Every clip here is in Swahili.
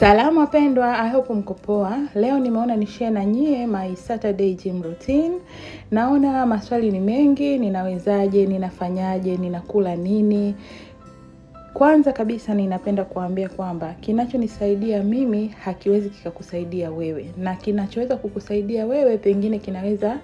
Salamu wapendwa, I hope mko poa. Leo nimeona ni share na nyie my Saturday gym routine. Naona maswali ni mengi, ninawezaje, ninafanyaje, ninakula nini? Kwanza kabisa ninapenda kuambia kwamba kinachonisaidia mimi hakiwezi kikakusaidia wewe, na kinachoweza kukusaidia wewe pengine kinaweza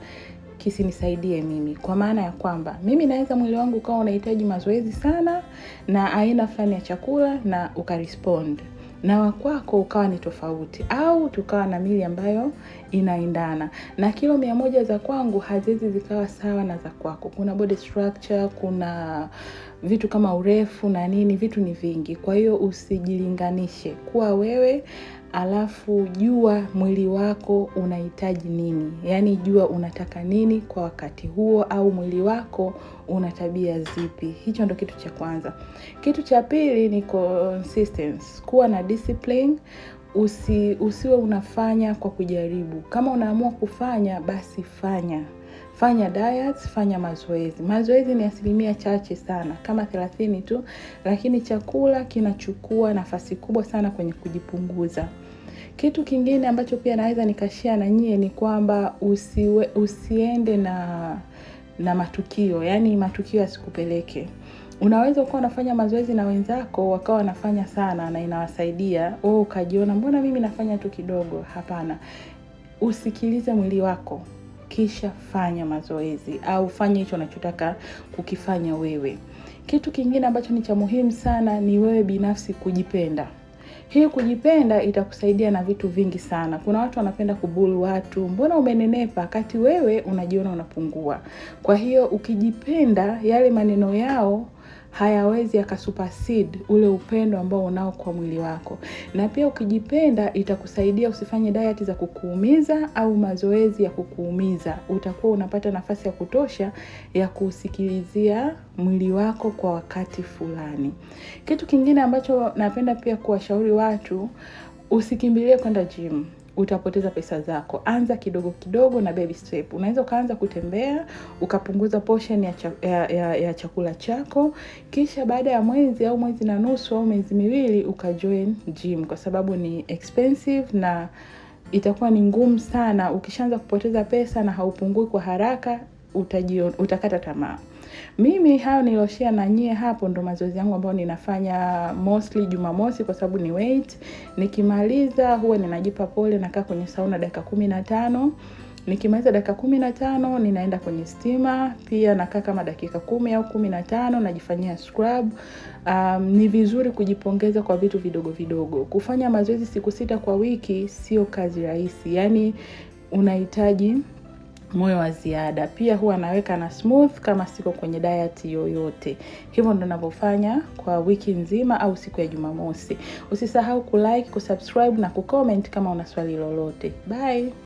kisinisaidie mimi, kwa maana ya kwamba mimi naweza mwili wangu ukawa unahitaji mazoezi sana na aina fulani ya chakula na ukarespond na wakwako ukawa ni tofauti, au tukawa na mili ambayo inaendana, na kilo mia moja za kwangu haziwezi zikawa sawa na za kwako. Kuna body structure, kuna vitu kama urefu na nini, vitu ni vingi. Kwa hiyo usijilinganishe, kuwa wewe, alafu jua mwili wako unahitaji nini, yaani jua unataka nini kwa wakati huo, au mwili wako una tabia zipi. Hicho ndo kitu cha kwanza. Kitu cha pili ni consistency, kuwa na discipline. Usi, usiwe unafanya kwa kujaribu. Kama unaamua kufanya basi fanya. Fanya diet, fanya mazoezi. Mazoezi ni asilimia chache sana kama 30 tu, lakini chakula kinachukua nafasi kubwa sana kwenye kujipunguza. Kitu kingine ambacho pia naweza nikashia na nyie ni kwamba usiwe, usiende na na matukio, yaani matukio yasikupeleke. Unaweza ukawa unafanya mazoezi na wenzako wakawa wanafanya sana na inawasaidia wewe, ukajiona mbona mimi nafanya tu kidogo. Hapana, usikilize mwili wako kisha fanya mazoezi au fanya hicho unachotaka kukifanya wewe. Kitu kingine ambacho ni cha muhimu sana ni wewe binafsi kujipenda. Hii kujipenda itakusaidia na vitu vingi sana. Kuna watu wanapenda kubulu watu, mbona umenenepa, wakati wewe unajiona unapungua. Kwa hiyo ukijipenda, yale maneno yao hayawezi yakasupersede ule upendo ambao unao kwa mwili wako. Na pia ukijipenda, itakusaidia usifanye diet za kukuumiza au mazoezi ya kukuumiza. Utakuwa unapata nafasi ya kutosha ya kusikilizia mwili wako kwa wakati fulani. Kitu kingine ambacho napenda pia kuwashauri watu, usikimbilie kwenda gym utapoteza pesa zako. Anza kidogo kidogo na baby step. Unaweza ukaanza kutembea ukapunguza portion ya, cha, ya, ya, ya chakula chako, kisha baada ya mwezi au mwezi na nusu au miezi miwili ukajoin gym, kwa sababu ni expensive na itakuwa ni ngumu sana. Ukishaanza kupoteza pesa na haupungui kwa haraka, utajion, utakata tamaa. Mimi hayo niloshea na nyie hapo, ndo mazoezi yangu ambayo ninafanya mostly Jumamosi kwa sababu ni weight. Nikimaliza huwa ninajipa pole, nakaa kwenye sauna dakika kumi na tano nikimaliza dakika kumi na tano ninaenda kwenye stima, pia nakaa kama dakika kumi au kumi na tano najifanyia scrub. Um, ni vizuri kujipongeza kwa vitu vidogo vidogo. Kufanya mazoezi siku sita kwa wiki sio kazi rahisi, yaani unahitaji moyo wa ziada. Pia huwa naweka na smooth kama siko kwenye diet yoyote. Hivyo ndo ninavyofanya kwa wiki nzima au siku ya Jumamosi. Usisahau kulike, kusubscribe na kucomment kama una swali lolote. Bye.